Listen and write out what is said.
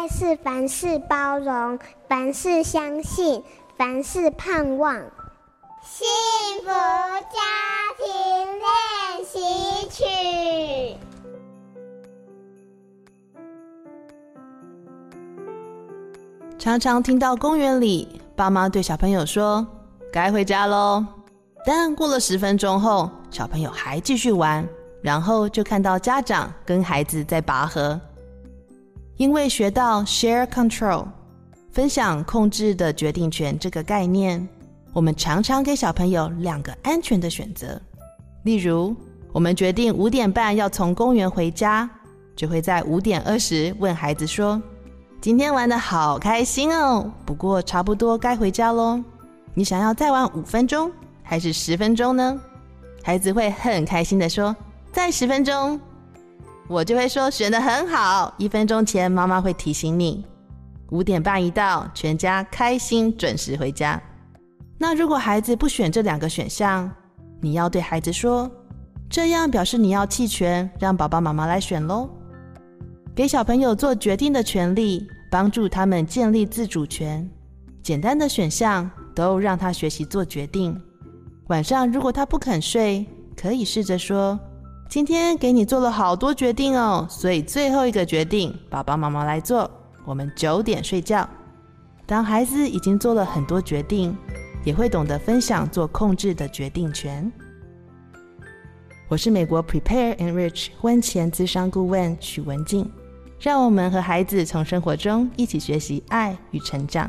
愛是凡事包容，凡事相信，凡事盼望。幸福家庭練習曲。常常聽到公園裡，爸媽對小朋友說：“該回家嘍。”但過了十分鐘後，小朋友還繼續玩，然後就看到家長跟孩子在拔河。因為學到 share control 分享控制的決定權這個概念，我們常常給小朋友兩個安全的選擇。例如，我們決定五點半要從公園回家，就會在五點二十問孩子說：“今天玩得好開心哦，不過差不多該回家嘍。你想要再玩五分鐘還是十分鐘呢？”孩子會很開心的說：“再十分鐘。”我就會說，選得很好。一分鐘前媽媽會提醒你，五點半一到，全家開心準時回家。那如果孩子不選這兩個選項，你要對孩子說，這樣表示你要棄權，讓爸爸媽媽來選嘍。給小朋友做決定的權利，幫助他們建立自主權。簡單的選項都讓他學習做決定。晚上如果他不肯睡，可以試着說。今天給你做了好多決定哦，所以最後一個決定，爸爸媽媽來做。我們九點睡覺。當孩子已經做了很多決定，也會懂得分享做控制的決定權。我是美國 PREPARE/ENRICH 婚前諮商顧問許文靜，讓我們和孩子從生活中一起學習愛與成長。